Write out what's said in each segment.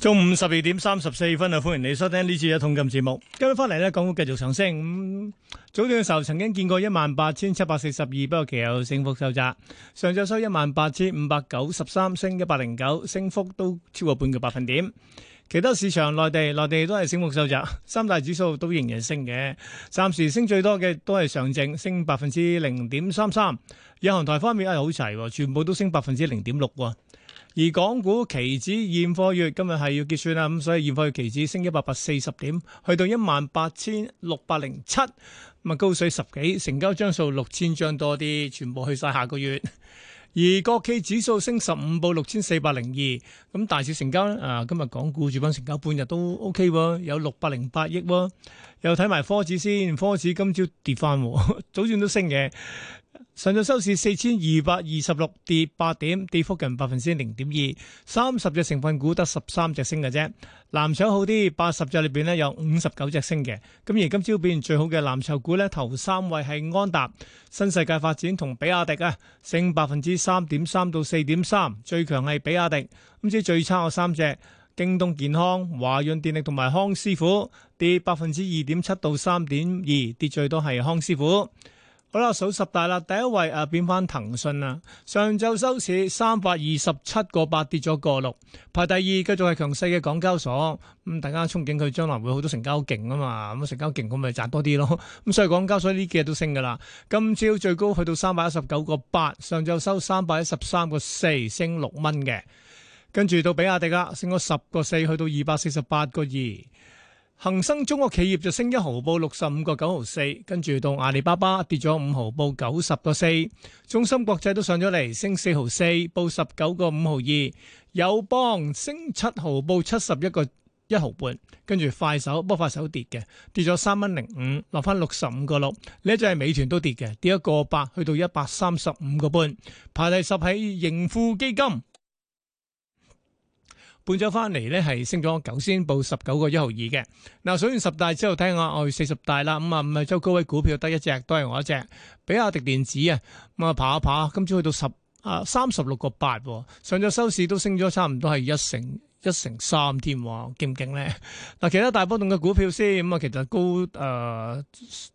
中午十二點三十四分啊，歡迎你收聽呢次嘅通金節目。今日翻嚟呢，港股繼續上升。嗯、早段嘅時候曾經見過一萬八千七百四十二，不過其有升幅收窄。上晝收一萬八千五百九十三，升一百零九，升幅都超過半個百分點。其他市場內地內地都係升幅收窄，三大指數都仍然升嘅。暫時升最多嘅都係上證，升百分之零點三三。日韓台方面啊、哎，好齊、哦，全部都升百分之零點六。而港股期指現貨月今日係要結算啦，咁所以現貨月期指升一百四十點，去到一萬八千六百零七，咁啊高水十幾，成交張數六千張多啲，全部去晒下個月。而國企指數升十五到六千四百零二，咁大市成交啊，今日港股主板成交半日都 OK 喎、啊，有六百零八億喎、啊。又睇埋科指先，科指今朝跌翻、啊，早段都升嘅。上晝收市四千二百二十六，跌八點，跌幅近百分之零點二。三十隻成分股得十三隻升嘅啫。藍籌好啲，八十隻裏邊呢有五十九隻升嘅。咁而今朝表現最好嘅藍籌股呢，頭三位係安達、新世界發展同比亞迪啊，升百分之三點三到四點三。最強係比亞迪。咁即最差嘅三隻，京東健康、華潤電力同埋康師傅跌百分之二點七到三點二，跌最多係康師傅。好啦，數十大啦，第一位啊變翻騰訊啦，上晝收市三百二十七個八跌咗個六，排第二繼續係強勢嘅港交所，咁大家憧憬佢將來會好多成交勁啊嘛，咁成交勁咁咪賺多啲咯，咁所以港交所呢幾日都升噶啦，今朝最高去到三百一十九個八，上晝收三百一十三個四，升六蚊嘅，跟住到比亞迪啦，升咗十個四去到二百四十八個二。恒生中國企業就升一毫，報六十五個九毫四，跟住到阿里巴巴跌咗五毫，報九十個四。中芯國際都上咗嚟，升四毫四，報十九個五毫二。友邦升七毫，報七十一個一毫半。跟住快手，不過快手跌嘅，跌咗三蚊零五，落翻六十五個六。呢隻係美團都跌嘅，跌一個八，去到一百三十五個半。排第十喺盈富基金。半早翻嚟咧，係升咗，九仙報十九個一毫二嘅。嗱，上完十大之後看看，聽下我四十大啦，咁啊，五日周高位股票得一隻，都係我一隻。比亞迪電子啊，啊，咁啊爬一爬，今朝去到十啊三十六個八，上咗收市都升咗差唔多係一成一成三添喎，勁唔勁咧？嗱，其他大波動嘅股票先，咁啊，其實高誒、呃、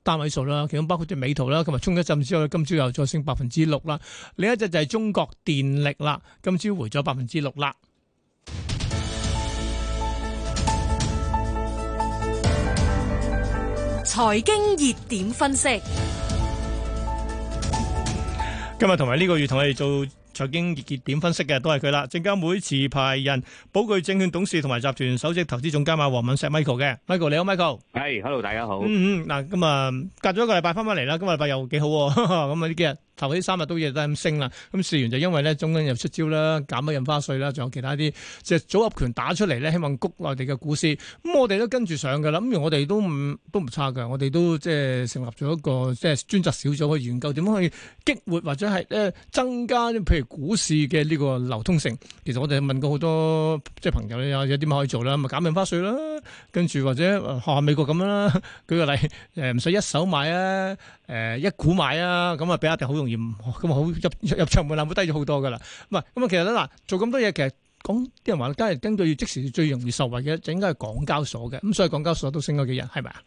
單位數啦，其中包括隻美圖啦，同埋沖一陣之後，今朝又再升百分之六啦。另一隻就係中國電力啦，今朝回咗百分之六啦。財經熱點分析，今日同埋呢個月同我哋做財經熱點分析嘅都係佢啦。證監會持牌人寶钜證券董事同埋集團首席投資總監啊，黃敏碩 Michael 嘅，Michael 你好，Michael 係、Hey, Hello 大家好。嗯嗯，嗱，今日隔咗一個禮拜翻翻嚟啦，今個禮拜又幾好喎，哈哈，咁啊呢幾日。頭嗰三日都亦都咁升啦，咁事然就因為咧中央又出招啦，減咗印花稅啦，仲有其他啲即係組合拳打出嚟咧，希望谷內地嘅股市，咁我哋都跟住上㗎啦，咁我哋都唔都唔差㗎，我哋都即係成立咗一個即係專責小組去研究點樣去激活或者係增加譬如股市嘅呢個流通性。其實我哋問過好多即係朋友有啲點可以做啦，咪減印花稅啦，跟住或者學下、啊、美國咁啦，舉個例誒，唔使一手買啊，一股買啊，咁啊俾阿迪好用。咁好入入，入場門檻會低咗好多噶啦，唔係咁啊，其實咧嗱，做咁多嘢，其實講啲人話咧，梗係根據即時最容易受惠嘅，就應該係港交所嘅，咁所以港交所都升咗幾日，係咪啊？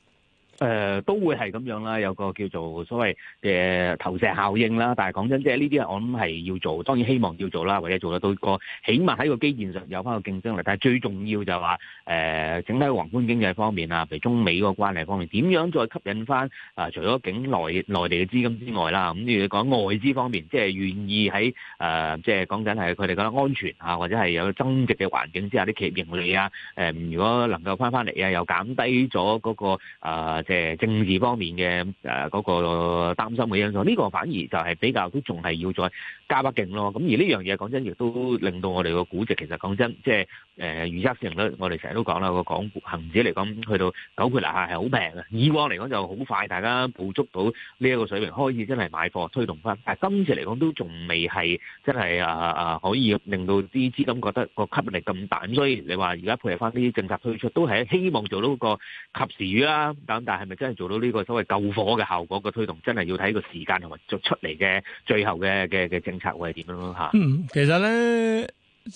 誒、呃、都會係咁樣啦，有個叫做所謂嘅投射效應啦。但係講真，即係呢啲我諗係要做，當然希望要做啦，或者做得到個起碼喺個基建上有翻個競爭力。但係最重要就係話誒、呃，整體宏觀經濟方面啊，譬如中美嗰個關係方面，點樣再吸引翻啊、呃？除咗境內內地嘅資金之外啦，咁如果你講外資方面，即係願意喺誒，即係講緊係佢哋覺得安全啊，或者係有增值嘅環境之下，啲企業盈利啊，誒、呃，如果能夠翻翻嚟啊，又減低咗嗰、那個、呃嘅政治方面嘅誒嗰個擔心嘅因素，呢個反而就係比較都仲係要再加把勁咯。咁而呢樣嘢講真，亦都令到我哋個估值其實講真，即係誒預測性率，我哋成日都講啦，個港股恆指嚟講去到九倍樓下係好平啊！以往嚟講就好快，大家捕捉到呢一個水平開始真係買貨推動翻，但係今次嚟講都仲未係真係啊啊可以令到啲資金覺得個吸引力咁大，咁所以你話而家配合翻啲政策推出，都係希望做到個及時雨啦咁，但係。係咪真係做到呢個所謂救火嘅效果嘅推動？真係要睇個時間同埋作出嚟嘅最後嘅嘅嘅政策會係點樣咯？吓，嗯，其實咧，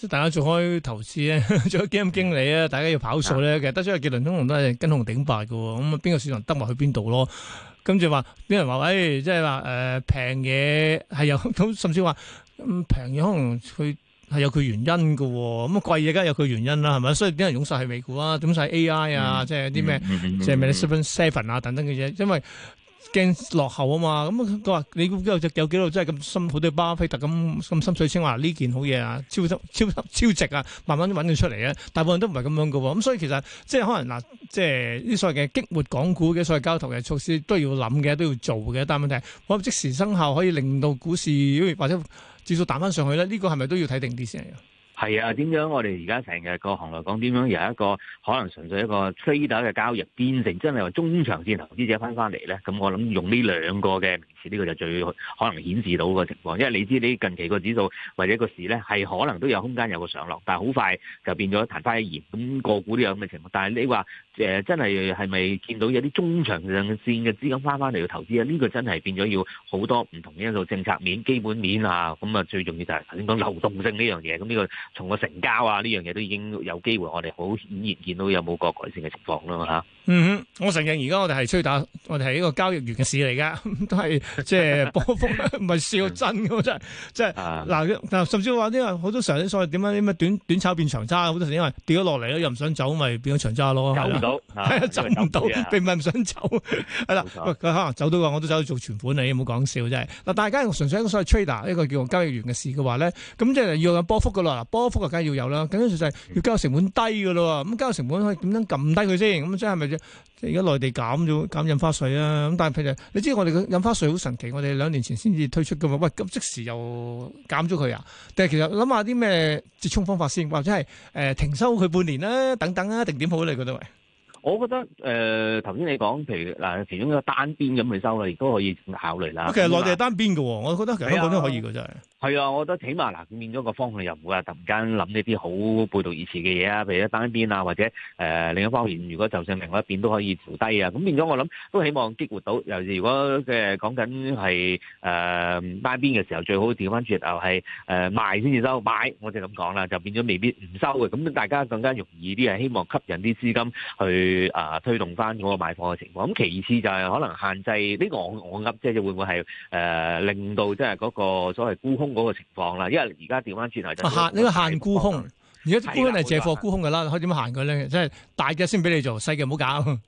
大家做開投資咧，做開基金經理咧，大家要跑數咧，其實得出個結論通常都係跟紅頂白嘅，咁啊邊個市場得埋去邊度咯？跟住話，邊人話，誒，即係話誒平嘢係有，咁甚至話咁平嘢可能去。係有佢原因嘅、哦，咁貴嘅梗係有佢原因啦，係咪？所以點解湧晒去美股啊，點晒 AI 啊，即係啲咩，即係咩 Magnificent Seven 啊，就是嗯嗯啊就是等等嘅嘢，因為驚落後啊嘛。咁佢話：你估有隻有幾多真係咁辛苦，多巴菲特咁咁心水清話呢、啊、件好嘢啊，超值超值超值啊，慢慢揾佢出嚟啊。大部分都唔係咁樣嘅喎。咁所以其實即係可能嗱，即係啲所謂嘅激活港股嘅所謂嘅交投嘅措施都要諗嘅，都要做嘅。但係問題係，可即時生效可以令到股市或者？至少彈翻上去咧，呢個係咪都要睇定啲先啊？係啊，點樣我哋而家成日個行內講點樣由一個可能純粹一個 trader 嘅交易變成真係話中長線投資者翻翻嚟咧？咁我諗用呢兩個嘅名詞，呢、這個就最可能顯示到個情況。因為你知你近期個指數或者個市咧係可能都有空間有個上落，但係好快就變咗曇花一現。咁個股都有咁嘅情況。但係你話、呃、真係係咪見到有啲中長線嘅資金翻翻嚟去投資啊？呢、這個真係變咗要好多唔同嘅因素、政策面、基本面啊。咁、嗯、啊，最重要就係頭先講流動性呢樣嘢。咁、這、呢個從個成交啊呢樣嘢都已經有機會，我哋好顯然見到有冇個改善嘅情況啦嘛嚇。嗯，我承認而家我哋係吹打，我哋係一個交易員嘅事嚟㗎，都係即係波幅唔係笑真㗎真。即係嗱甚至話啲啊好多常啲所謂點樣啲咩短短炒變長揸，好多時因為跌咗落嚟又唔想走咪變咗長揸咯。走唔到，係啊，走唔到，並唔係唔想走。係、啊、 不了 啦，佢可能走到話我都走去做存款啊，你有冇講笑真係嗱？大家純粹一個所謂吹打，一個叫做交易員嘅事嘅話咧，咁即係要有波幅嘅啦。波幅啊，梗係要有啦。緊張就係要交成本低嘅咯。咁交成本可以點樣撳低佢先？咁即係咪啫？而家內地減咗減印花稅啊。咁但係譬如你知道我哋嘅印花稅好神奇，我哋兩年前先至推出㗎嘛。喂，咁即時又減咗佢啊？定係其實諗下啲咩折衷方法先，或者係誒停收佢半年啦，等等啊，定點好你覺得？喂。我覺得誒，頭、呃、先你講，譬如嗱，其中一個單邊咁去收啦，亦都可以考慮啦。其實內地係單邊喎、啊，我覺得其實香港都可以噶，就係、啊。係啊，我覺得起碼嗱，變咗個方向又唔會話突然間諗呢啲好背道而馳嘅嘢啊。譬如咧單邊啊，或者誒、呃，另一方面，如果就算另外一邊都可以調低啊，咁變咗我諗都希望激活到。尤其如果嘅講緊係誒單邊嘅時候，最好調翻轉頭係誒賣先至收買。我就咁講啦，就變咗未必唔收嘅。咁大家更加容易啲啊，希望吸引啲資金去。去啊，推動翻嗰個買貨嘅情況。咁其次就係可能限制呢個，我我噏，即係會唔會係誒、呃、令到即係嗰個所謂沽空嗰個情況啦？因為而家調翻轉頭就限呢個限沽空。而家沽空係借貨沽空㗎啦，可以點樣限佢咧？即係大嘅先俾你做，細嘅唔好搞。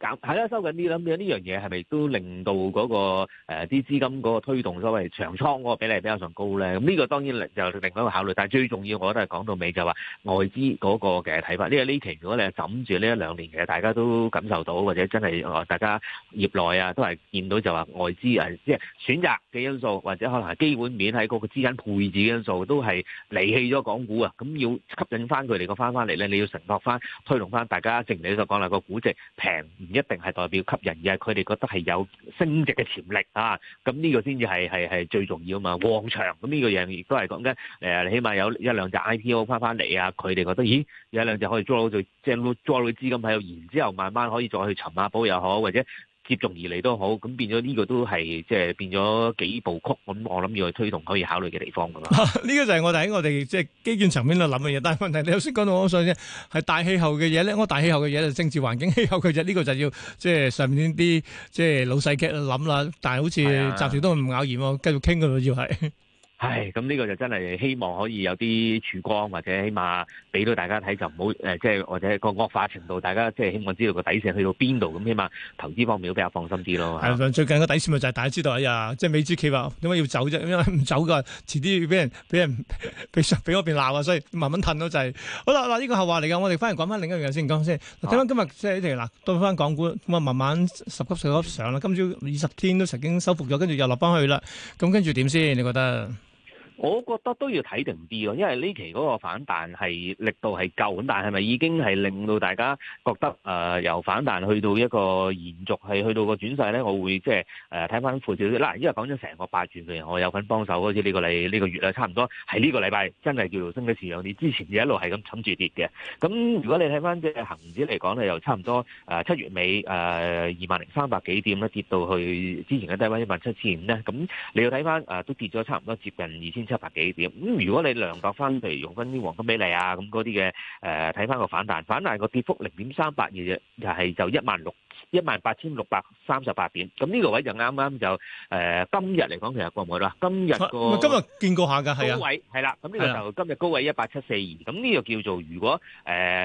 係啦、啊，收緊啲諗嘅呢樣嘢係咪都令到嗰、那個啲資、呃、金嗰個推動所謂長倉嗰個比例比較上高咧？咁、這、呢個當然就另一個考慮，但係最重要，我覺得係講到尾就話外資嗰、那個嘅睇法。呢個呢期如果你係枕住呢一兩年，其實大家都感受到，或者真係大家業內啊都係見到就話外資啊，即、就、係、是、選擇嘅因素，或者可能係基本面喺個個資產配置嘅因素都係離棄咗港股啊。咁要吸引翻佢哋個翻翻嚟咧，你要承諾翻推動翻大家正如你所講啦，這個估值平。唔一定係代表吸引，嘅，佢哋覺得係有升值嘅潛力啊！咁呢個先至係係係最重要啊嘛！旺場咁呢個也是樣亦都係講緊誒，起碼有一兩隻 IPO 翻翻嚟啊！佢哋覺得咦，有一兩隻可以抓到就即係抓到啲資金喺度，然之後慢慢可以再去尋下寶又好，或者。接踵而嚟都好，咁變咗呢個都係即係變咗幾部曲，咁我諗要去推動可以考慮嘅地方㗎啦。呢個就係我哋喺我哋即係基建層面度諗嘅嘢，但係問題你頭先講到我想嘅係大氣候嘅嘢咧，我大氣候嘅嘢就政治環境氣候佢嘢，呢、呢個就要即係上面啲即係老細嘅諗啦。但係好似暫時都唔咬鹽喎， 繼續傾㗎啦要係。唉，咁呢個就真係希望可以有啲曙光，或者起碼俾到大家睇就唔好誒，即、呃、係或者個惡化程度，大家即係希望知道個底線去到邊度，咁起碼投資方面都比較放心啲咯。係最近個底線咪就係大家知道哎呀，即、就、係、是、美指企話點解要走啫？因為唔走㗎？遲啲要俾人俾人俾上俾嗰邊鬧啊，所以慢慢褪就係、是、好啦，嗱、這、呢個後話嚟噶，我哋翻嚟講翻另一樣先，講先，先。咁今日即係咧，嗱、啊，倒翻港股，咁啊，慢慢十級十級，十級上啦，今朝二十天都曾經收復咗，跟住又落翻去啦。咁跟住點先？你覺得？我覺得都要睇定啲咯，因為呢期嗰個反彈係力度係夠咁，但係咪已經係令到大家覺得誒、呃、由反彈去到一個延續係去到個轉勢咧？我會即係誒睇翻少少。嗱，因為講咗成個八月，嘅，我有份幫手，好似呢個禮呢個月啊，差唔多係呢個禮拜真係叫做升嘅似樣，你之前一路係咁沉住跌嘅。咁如果你睇翻即係恆指嚟講咧，又差唔多誒七月尾誒二萬零三百幾點咧，跌到去之前嘅低位一萬七千五咧。咁你要睇翻都跌咗差唔多接近二千七百幾點咁，如果你量度翻，譬如用翻啲黃金比例啊咁嗰啲嘅，睇翻個反彈，反彈個跌幅零點三八二就係就一萬六一萬八千六百三十八點，咁呢個位就啱啱就、呃、今日嚟講其實過唔去啦，今日個今日見過下㗎，係啊，高位係啦，咁呢個就今日高位一八七四二，咁呢個叫做如果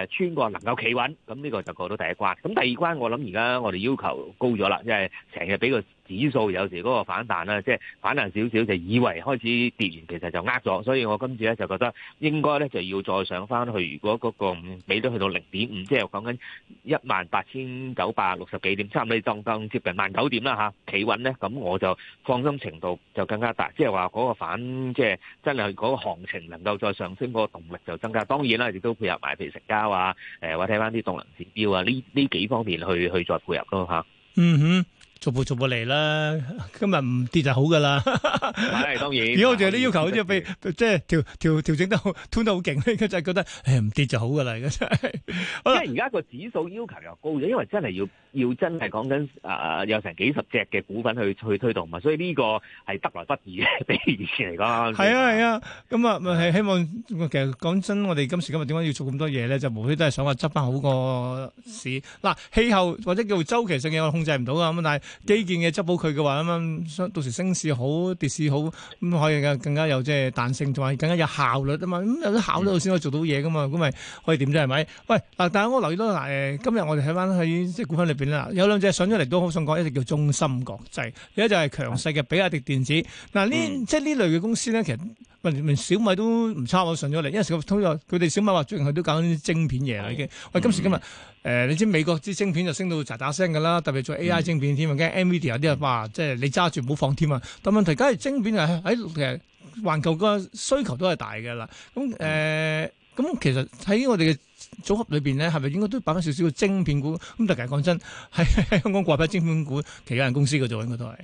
穿過、呃、能夠企穩，咁呢個就過到第一關，咁第二關我諗而家我哋要求高咗啦，因為成日俾個指數有時嗰個反彈啦，即係反彈少少就以為開始跌完，其實就呃咗。所以我今次咧就覺得應該咧就要再上翻去。如果嗰個比端去到零點五，即係講緊一萬八千九百六十幾點，差唔多當當接近萬九點啦，嚇企穩咧。咁我就放心程度就更加大。即係話嗰個反，即係真係嗰個行情能夠再上升，嗰個動力就增加。當然啦，亦都配合埋譬如成交啊，誒或者睇翻啲動能指標啊，呢呢幾方面去去再配合咯嚇。嗯哼。逐步逐步嚟啦，今日唔跌就好噶啦。係當然，如果我哋啲要求好似被即係調調調整得好，調得好勁咧。而家就覺得誒唔跌就好噶啦。而家真係，因為而家個指數要求又高咗，因為真係要要真係講緊誒有成幾十隻嘅股份去去推動嘛。所以呢個係得來不易嘅比起以前嚟講。係啊係啊，咁啊咪係希望，其實講真，我哋今時今日點解要做咁多嘢咧？就無非都係想話執翻好個市。嗱，氣候或者叫週期性嘅我控制唔到啊。咁但係基建嘅執保佢嘅話咁樣，到時升市好跌市好咁、嗯、可以更加有即係彈性，同埋更加有效率啊嘛！咁有啲效率先可以做到嘢噶嘛，咁咪可以點啫？係咪？喂！嗱，大家我留意到嗱，誒今日我哋睇翻喺即係股份裏邊啦，有兩隻上咗嚟都好想講，一隻叫中芯國際，有一隻係強勢嘅比亞迪電子。嗱呢、嗯、即係呢類嘅公司咧，其實連連小米都唔差我上咗嚟，因為成佢哋小米話最近佢都搞啲晶片嘢啦，已經。喂，今時今日誒、嗯呃，你知美國啲晶片就升到喳喳聲噶啦，特別做 AI 晶片添、嗯嘅 Nvidia 有啲啊，哇！即係你揸住唔好放添啊。但問題，梗係晶片係喺其實環球個需求都係大嘅啦。咁誒，咁、呃、其實喺我哋嘅組合裏面咧，係咪應該都擺翻少少嘅晶片股？咁特別講真，喺喺香港掛牌晶片股，其他人公司嗰度應該都係。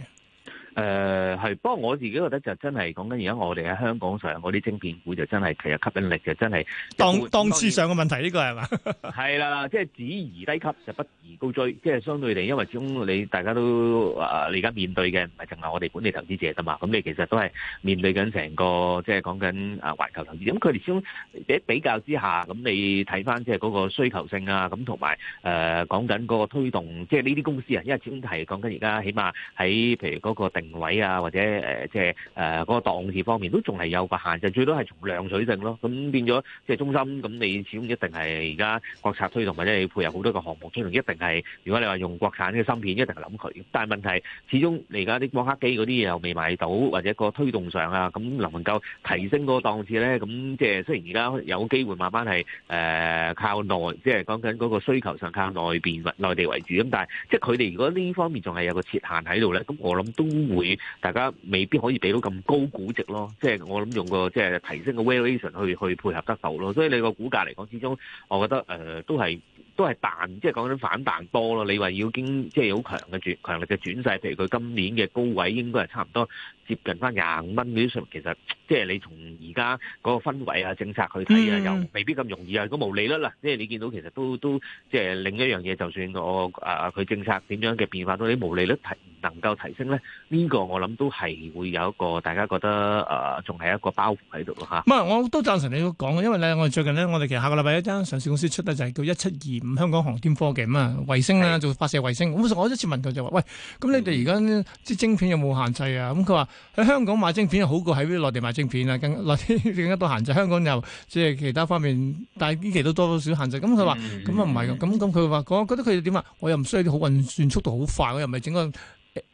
誒係，不過我自己覺得就真係講緊而家我哋喺香港上嗰啲晶片股就真係其實吸引力就真係檔檔次上嘅問題，呢個係嘛？係啦，即係只宜低吸就不宜高追，即係相對地，因為始終你大家都啊，你而家面對嘅唔係淨係我哋本地投資者啊嘛，咁你其實都係面對緊成個即係講緊啊環球投資，咁佢哋始終一比較之下，咁你睇翻即係嗰個需求性啊，咁同埋誒講緊嗰個推動，即係呢啲公司啊，因為始終係講緊而家起碼喺譬如嗰個定位啊，或者誒、就是，即係誒嗰個檔次方面都仲係有個限制，最多係從量取性咯。咁變咗即係中心，咁你始終一定係而家國策推動，或者你配合好多個項目推動，一定係如果你話用國產嘅芯片，一定係諗佢。但係問題始終你而家啲光刻機嗰啲嘢又未買到，或者個推動上啊，咁能唔能夠提升嗰個檔次咧，咁即係雖然而家有機會慢慢係誒、呃、靠內，即係講緊嗰個需求上靠內邊或內地為主咁，但係即係佢哋如果呢方面仲係有個設限喺度咧，咁我諗都會大家未必可以俾到咁高估值咯，即係我諗用個即係提升個 valuation 去去配合得到咯，所以你個股價嚟講，始終我覺得誒都係都係彈，即係講緊反彈多咯。你話要經即係好強嘅轉強力嘅轉勢，譬如佢今年嘅高位應該係差唔多，接近翻廿五蚊嗰啲上，其實即係你從而家嗰個氛圍啊、政策去睇啊，又未必咁容易啊。咁毛利率啦，即係你見到其實都都即係另一樣嘢。就算我啊，佢政策點樣嘅變化，到你毛利率提唔能夠提升咧。呢個我諗都係會有一個大家覺得啊，仲係一個包袱喺度咯嚇。唔係，我都贊成你講嘅，因為咧，我哋最近咧，我哋其實下個禮拜一間上市公司出得就係叫一七二五香港航天科技咁啊，衛星啊，做發射衛星。咁我一次問佢就話：喂，咁你哋而家啲晶片有冇限制啊？咁佢話。喺香港買晶片好過喺啲內地買晶片啊，更內地更加多限制。香港又即係其他方面，但係呢期都多多少限制。咁佢話咁啊唔係咁，咁咁佢話，我覺得佢點啊？我又唔需要啲好運算速度好快，我又唔係整個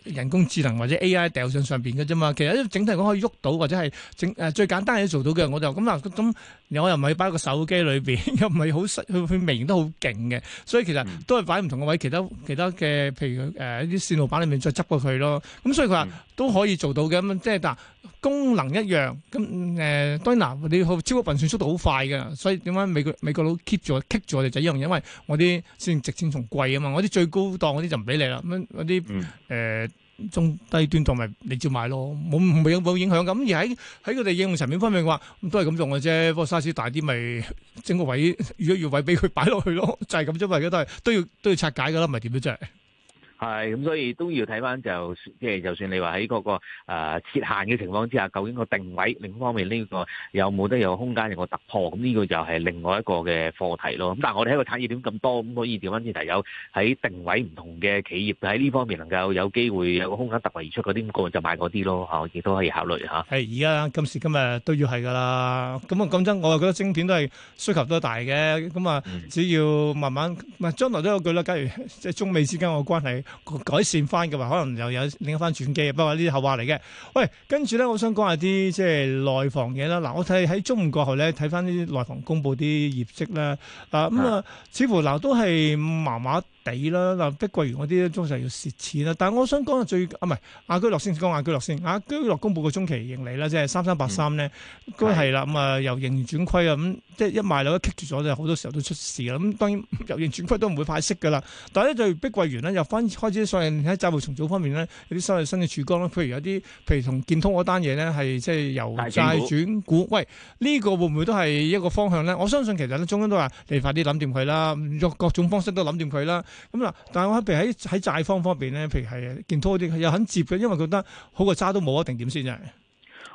人工智能或者 AI 掉上上邊嘅啫嘛。其實整體講可以喐到，或者係整誒最簡單嘢做到嘅，我就咁嗱咁。我又唔係擺喺個手機裏面，又唔係好實，佢佢明都好勁嘅。所以其實都係擺唔同嘅位，其他其他嘅譬如誒一啲線路板裏面再執過佢咯。咁所以佢話都可以做到嘅咁，即係嗱功能一樣咁誒。當然嗱，你好超級運算速度好快㗎。所以點解美國美國佬 keep 住，keep 住我哋就一樣，因為我啲先直線同貴啊嘛，我啲最高檔嗰啲就唔俾你啦。咁啲中低端同埋你照買咯，冇冇影冇影響咁。而喺喺佢哋應用層面方面嘅話，都係咁用嘅啫。塊沙子大啲，咪整個位預咗個位俾佢擺落去咯，就係咁啫嘛。而家都係都要都要拆解噶啦，唔係點都啫。係，咁所以都要睇翻，就即係就算你話喺嗰個誒設限嘅情況之下，究竟個定位，另一方面呢個有冇得有空間有個突破？咁呢個就係另外一個嘅課題咯。咁但係我哋喺個產業點咁多，咁可以調翻轉頭有喺定位唔同嘅企業喺呢方面能夠有機會有個空間突圍而出嗰啲，咁個就買嗰啲咯，吓亦都可以考慮吓。係，而家今時今日都要係噶啦。咁啊講真，我啊覺得精點都係需求都大嘅。咁啊，只要慢慢唔係將來都有句啦。假如即係中美之間個關係。改善翻嘅話，可能又有另一番轉機。不過呢啲後話嚟嘅。喂，跟住咧，我想講下啲即係內房嘢啦。嗱，我睇喺中午過後咧，睇翻啲內房公布啲業績咧，啊咁、嗯、啊，似乎嗱都係麻麻。抵啦，嗱，碧桂園嗰啲都通常要蝕錢啦。但係我想講啊，最啊唔係雅居樂，先講雅居樂先。雅居樂公佈個中期盈利咧，即係三三八三咧，都係啦。咁啊由盈轉虧啊，咁即係一賣樓一棘住咗咧，好多時候都出事啦。咁當然由盈轉虧都唔會派息噶啦。但係咧對碧桂園咧，又分開始喺債務重組方面咧，有啲新嘅新嘅曙光啦。譬如有啲，譬如同建通嗰單嘢咧，係即係由債轉股。喂，呢個會唔會都係一個方向咧？我相信其實咧，中央都話你快啲諗掂佢啦，用各種方式都諗掂佢啦。咁啦，但係我譬如喺喺債方方面咧，譬如係建滔啲，又肯接嘅，因為覺得好過揸都冇啊，一定點先啫。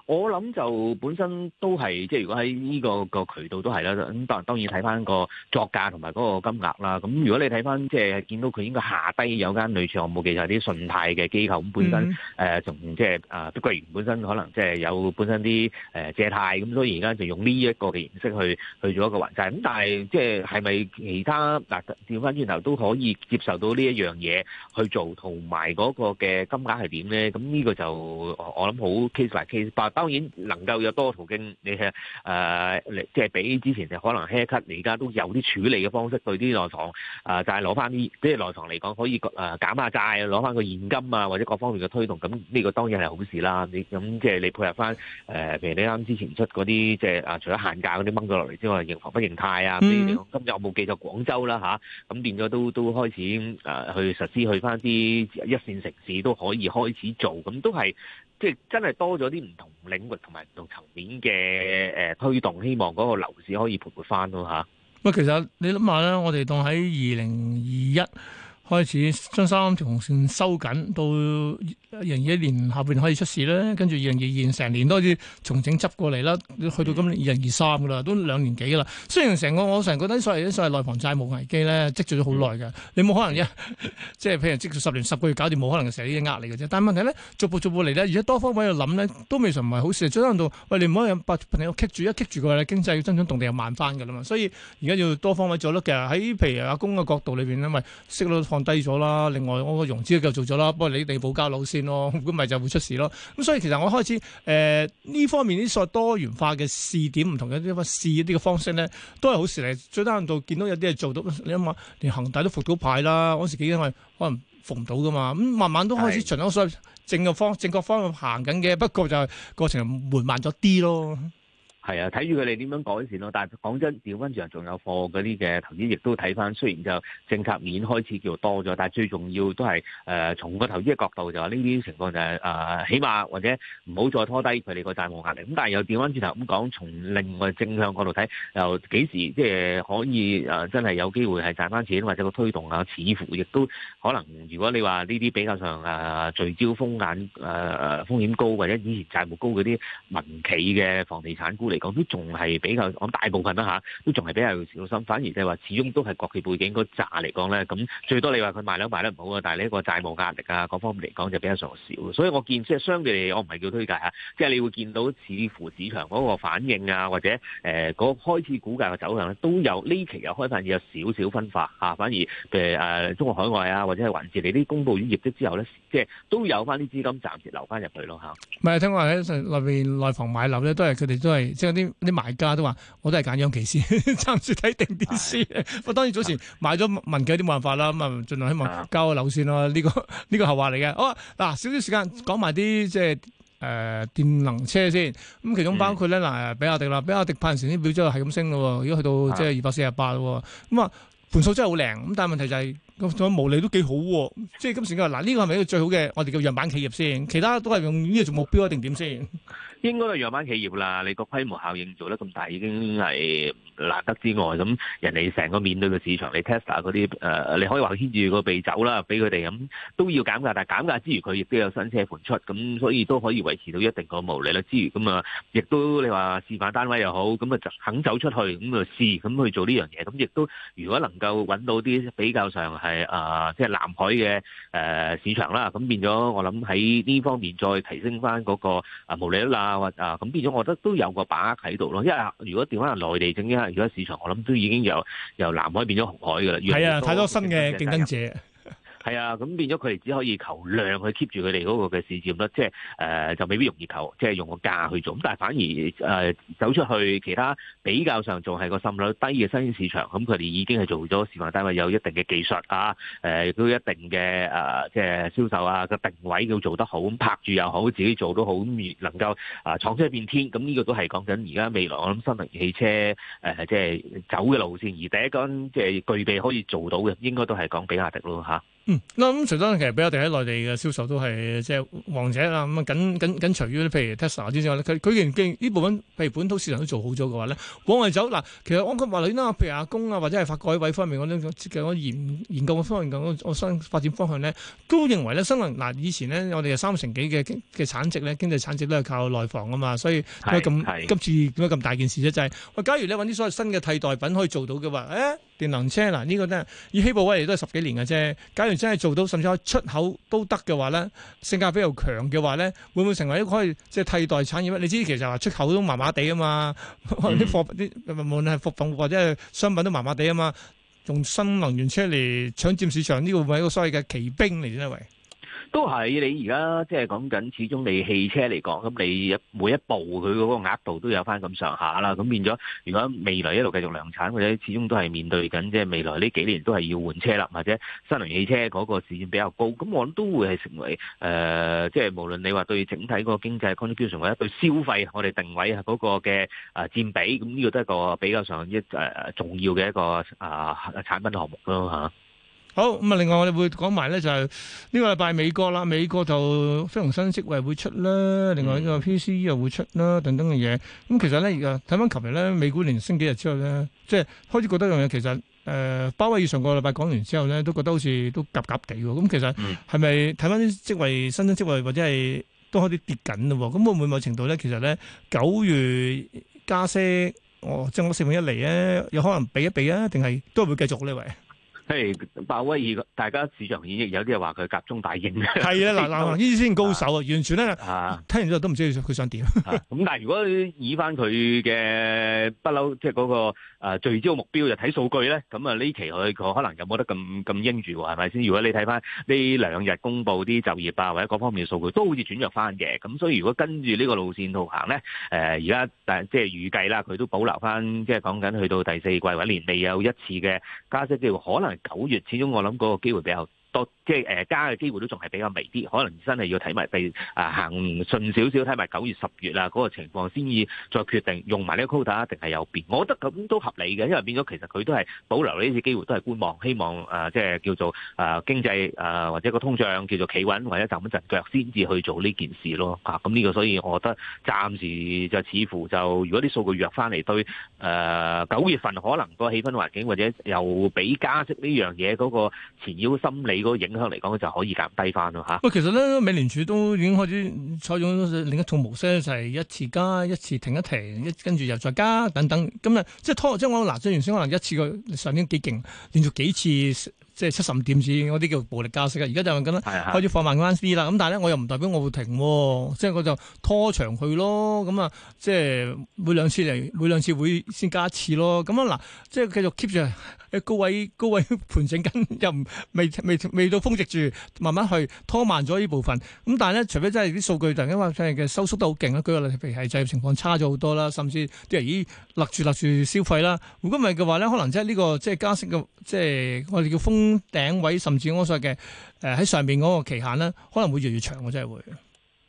我諗就本身都係，即係如果喺呢個個渠道都係啦，咁但係當然睇翻個作價同埋嗰個金額啦。咁如果你睇翻即係見到佢應該下低有間類似我冇記錯啲信貸嘅機構，咁本身誒從即係啊碧桂園本身可能即係有本身啲誒借貸，咁所以而家就用呢一個嘅形式去去做一個還債。咁但係即係係咪其他嗱？調翻轉頭都可以接受到呢一樣嘢去做，同埋嗰個嘅金額係點咧？咁呢個就我諗好 case by case by。當然能夠有多途徑，你係誒，即、呃、係、就是、比之前就可能 haircut 你而家都有啲處理嘅方式對啲內房誒、呃、就係攞翻啲即係內房嚟講，可以誒減下債，攞翻個現金啊，或者各方面嘅推動，咁呢個當然係好事啦。你咁即係你配合翻誒，譬、呃、如你啱之前出嗰啲即係除咗限價嗰啲掹咗落嚟之外，認房不認貸啊，比如講今日我冇記錯，廣州啦、啊、吓，咁變咗都都開始誒去實施去翻啲一,一線城市都可以開始做，咁都係即係真係多咗啲唔同。領域同埋唔同層面嘅誒推動，希望嗰個樓市可以盤活翻咯吓，喂，其實你諗下咧，我哋當喺二零二一，開始，將三條紅線收緊，到二零二一年下半邊開始出事啦。跟住二零二二年成年都好似重整執過嚟啦，去到今年二零二三噶啦，都兩年幾啦。雖然成個我成日覺得所謂所謂內房債務危機咧，積聚咗好耐嘅，你冇可能一即係譬如積聚十年十個月搞掂，冇可能成日呢啲壓力嘅啫。但係問題咧，逐步逐步嚟咧，而家多方位去諗咧，都未曾唔係好事。最難度，喂，你唔可以有百朋友棘住一棘住嘅話，經濟嘅增長動力又慢翻嘅啦嘛。所以而家要多方位做落嘅其實喺譬如阿公嘅角度裏邊因為識到。放低咗啦，另外我個融資都繼續做咗啦，不過你地保交樓先咯，咁咪就會出事咯。咁、嗯、所以其實我開始誒呢、呃、方面啲所謂多元化嘅試點，唔同嘅一啲試一啲嘅方式咧，都係好事嚟。最低限度見到有啲係做到，你諗下連恒大都服到牌啦，嗰時幾因為可能服唔到㗎嘛，咁、嗯、慢慢都開始循咗所謂正嘅方正確方向行緊嘅，不過就係過程緩慢咗啲咯。係啊，睇住佢哋點樣改善咯。但係講真，調翻轉頭仲有貨嗰啲嘅投資，亦都睇翻。雖然就政策面開始叫多咗，但係最重要都係誒從個投資嘅角度就話呢啲情況就係、是、誒、呃、起碼或者唔好再拖低佢哋個債務壓力。咁但係又調翻轉頭咁講，從另外正向角度睇，又幾時即係可以誒、呃、真係有機會係賺翻錢，或者個推動啊，似乎亦都可能。如果你話呢啲比較上誒、呃、聚焦風險誒、呃、風險高或者以前債務高嗰啲民企嘅房地產股。嚟講都仲係比較，我大部分啦嚇，都仲係比較小心。反而就係話，始終都係國企背景嗰扎嚟講咧，咁最多你話佢賣樓賣得唔好啊，但係呢個債務壓力啊，嗰方面嚟講就比較上少。所以我見即係相對嚟，我唔係叫推介嚇，即係你會見到似乎市場嗰個反應啊，或者誒嗰、呃、開始股價嘅走向咧，都有呢期有開發現有少少分化嚇。反而譬如誒、呃、中國海外啊，或者係環指，你啲公布完業績之後咧，即係都有翻啲資金暫時留翻入去咯吓，唔係聽講喺內邊內房買樓咧，都係佢哋都係。有啲啲買家都話，我都係揀央企先，暫時睇定啲先。當然早前買咗民企有啲冇辦法啦，咁啊，儘量希望交個樓先咯。呢、呢個呢、呢個是後話嚟嘅。哦嗱，少少時間講埋啲即係誒電能車先。咁其中包括咧嗱、嗯，比亞迪啦比亞迪派，成表就係咁升咯。如果去到即係二百四十八喎，咁啊盤數真係好靚。咁但係問題就係、是、咁，毛利都幾好喎、啊。即係今時今日，嗱呢個係咪最好嘅？我哋叫樣板企業先，其他都係用呢個做目標定點先。 應該係樣板企業啦，你個規模效應做得咁大，已經係難得之外。咁人哋成個面對嘅市場，你 Tesla 嗰啲誒，你可以話牽住個鼻走啦，俾佢哋咁都要減價。但係減價之餘，佢亦都有新車盤出，咁所以都可以維持到一定個毛利率之餘咁啊，亦都你話示範單位又好，咁啊就肯走出去咁啊試咁去做呢樣嘢，咁亦都如果能夠揾到啲比較上係啊，即係南海嘅誒市場啦，咁變咗我諗喺呢方面再提升翻嗰個啊毛利啦。啊啊咁變咗，我覺得都有個把握喺度咯。因為如果掉翻嚟內地，整啲係如果市場，我諗都已經由由藍海變咗紅海噶啦。係啊，太多新嘅競爭者。係啊，咁變咗佢哋只可以求量去 keep 住佢哋嗰個嘅事業囉，即係誒就未必容易求，即係用個價去做。咁但係反而誒走出去其他比較上仲係個滲率低嘅新興市場，咁佢哋已經係做咗示範單位，有一定嘅技術啊，誒亦都有一定嘅誒即係銷售啊個定位要做得好，咁拍住又好，自己做都好，咁越能夠啊創出變天，咁呢個都係講緊而家未來我諗新能源汽車誒即係走嘅路線，而第一間即係具備可以做到嘅，應該都係講比亞迪咯嚇。嗯，嗱、嗯、咁，除咗其實俾我哋喺內地嘅銷售都係即係王者啦。咁啊，緊緊緊隨於譬如 Tesla 之外，佢佢既然既然呢部分譬如本土市場都做好咗嘅話咧，往外走嗱、啊，其實安咁話里啦，譬如阿公啊，或者係發改委方面嗰種研研究嘅方向咁，我新發展方向咧，都認為咧，新能嗱、啊，以前咧我哋三成幾嘅嘅產值咧，經濟產值都係靠內房啊嘛，所以咁今次點解咁大件事咧，就係、是、喂，假如你揾啲所謂新嘅替代品可以做到嘅話，誒、欸？電能車嗱，這個、呢個都以希保威嚟都係十幾年嘅啫。假如真係做到，甚至可出口都得嘅話咧，性價比又強嘅話咧，會唔會成為一個可以即係替代產業咧？你知其實話出口都麻麻地啊嘛，啲貨啲無論係服務或者係商品都麻麻地啊嘛，用新能源車嚟搶佔市場，呢個會唔會係一個所謂嘅奇兵嚟嘅一位。都係，你而家即係講緊，始終你汽車嚟講，咁你每一部佢嗰個額度都有翻咁上下啦。咁變咗，如果未來一路繼續量產，或者始終都係面對緊，即係未來呢幾年都係要換車啦，或者新能源汽車嗰個市佔比較高，咁我諗都會係成為誒、呃，即係無論你話對整體個經濟 contribution 或者對消費，我哋定位嗰個嘅啊佔比，咁呢個都係一個比較上一誒重要嘅一個啊產品項目咯吓。好咁啊！另外我哋會講埋咧就係呢個禮拜美國啦，美國就非農新職位會出啦，另外呢個 PCE 又會出啦，等等嘅嘢。咁其實咧，而家睇翻琴日咧，美股連升幾日之後咧，即係開始覺得樣嘢。其實誒、呃，鮑威爾上個禮拜講完之後咧，都覺得好似都夾夾哋喎。咁其實係咪睇翻啲職位、新增職位或者係都開始跌緊咯？咁會唔會某程度咧，其實咧九月加息，我即係我四分一嚟咧，有可能避一避啊，定係都係會繼續呢位？即係鮑威爾，大家市場演繹，有啲人話佢集中大型嘅。係啊！嗱、嗯、嗱，呢啲先高手啊，完全咧、啊，聽完之後都唔知佢想點。咁、啊、但係如果以翻佢嘅不嬲，即係嗰個聚焦目標，就睇數據咧。咁啊呢期佢可能又冇得咁咁鷹喎，係咪先？如果你睇翻呢兩日公布啲就業啊或者各方面數據，都好似轉弱翻嘅。咁所以如果跟住呢個路線度行咧，而家但即係預計啦，佢都保留翻，即係講緊去到第四季或者年尾有一次嘅加息機會，即可能。九月，始終我諗嗰個機會比較多即係誒加嘅機會都仲係比較微啲，可能真係要睇埋地啊行順少少，睇埋九月、十月啊、嗰個情況先至再決定用埋呢個 quota 定係有變。我覺得咁都合理嘅，因為變咗其實佢都係保留呢次機會，都係觀望，希望誒即係叫做誒、呃、經濟誒、呃、或者個通脹叫做企穩或者站穩陣腳先至去做呢件事咯。吓、啊，咁呢個所以我覺得暫時就似乎就如果啲數據弱翻嚟，對誒九、呃、月份可能個氣氛環境或者又俾加息呢樣嘢嗰個前腰心理。嗰個影響嚟講，佢就可以減低翻咯嚇。喂、啊，其實咧，美聯儲都已經開始採用另一套模式，就係、是、一次加，一次停一停，一跟住又再加等等。咁啊，即係拖。即我嗱，最原先可能一次過上年幾勁，連續幾次。即係七十五點線嗰啲叫暴力加息啊！而家就咁啦，開始放慢翻啲啦。咁、啊、但係咧，我又唔代表我會停，即係我就拖長去咯。咁啊，即係每兩次嚟，每兩次會先加一次咯。咁啊嗱，即係繼續 keep 住喺高位，高位盤整緊，又唔未未未到峰值住，慢慢去拖慢咗呢部分。咁但係咧，除非真係啲數據突然間話即係嘅收縮得好勁啦，舉個例譬如係製造業情況差咗好多啦，甚至第二。勒住勒住消費啦，如果唔係嘅話咧，可能即係呢個即係、就是、加息嘅，即、就、係、是、我哋叫封頂位，甚至我所謂嘅喺、呃、上面嗰個期限咧，可能會越嚟越長，我真係會。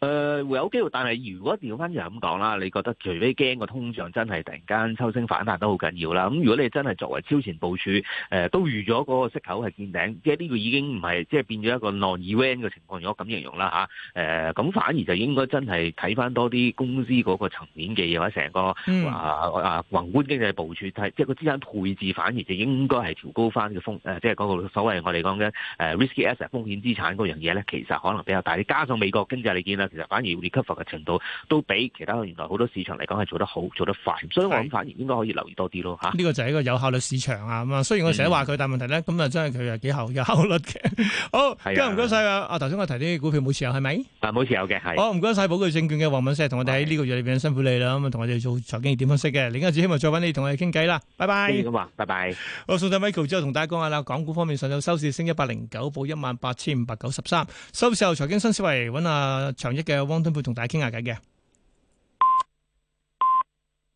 誒、呃、會有機會，但係如果調翻就咁講啦，你覺得除非驚個通脹真係突然間抽升反彈都好緊要啦。咁如果你真係作為超前部署，誒、呃、都預咗個個息口係見頂，即係呢個已經唔係即係變咗一個 non-event 嘅情況咗。咁形容啦嚇，誒、啊、咁、呃、反而就應該真係睇翻多啲公司嗰個層面嘅嘢，或者成個、嗯、啊啊宏觀經濟佈署，即係個資產配置反而就應該係調高翻嘅風、呃、即係嗰個所謂我哋講嘅誒、呃、risk asset 風險資產嗰樣嘢咧，其實可能比較大。加上美國經濟你見啦。其實反而會吸收嘅程度都比其他原來好多市場嚟講係做得好，做得快，所以我諗反而應該可以留意多啲咯嚇。呢、啊這個就係一個有效率市場啊咁啊！雖然我成日話佢，但係問題咧，咁啊真係佢係幾後有效率嘅。 好，唔該晒啊！頭先我提啲股票冇持有係咪？啊冇持有嘅好唔該晒。是的哦、謝謝寶鉅證券嘅黃敏碩，同我哋喺呢個月裏邊辛苦你啦，咁啊同我哋做財經熱點分析嘅。另一陣希望再揾你同我哋傾偈啦，拜拜。好嘛，拜拜。好，送 Michael 之後同大家講下啦。港股方面上晝收市升一百零九，報一萬八千五百九十三。收市後財經新思維揾阿長益，嘅汪敦培同大家傾下偈嘅。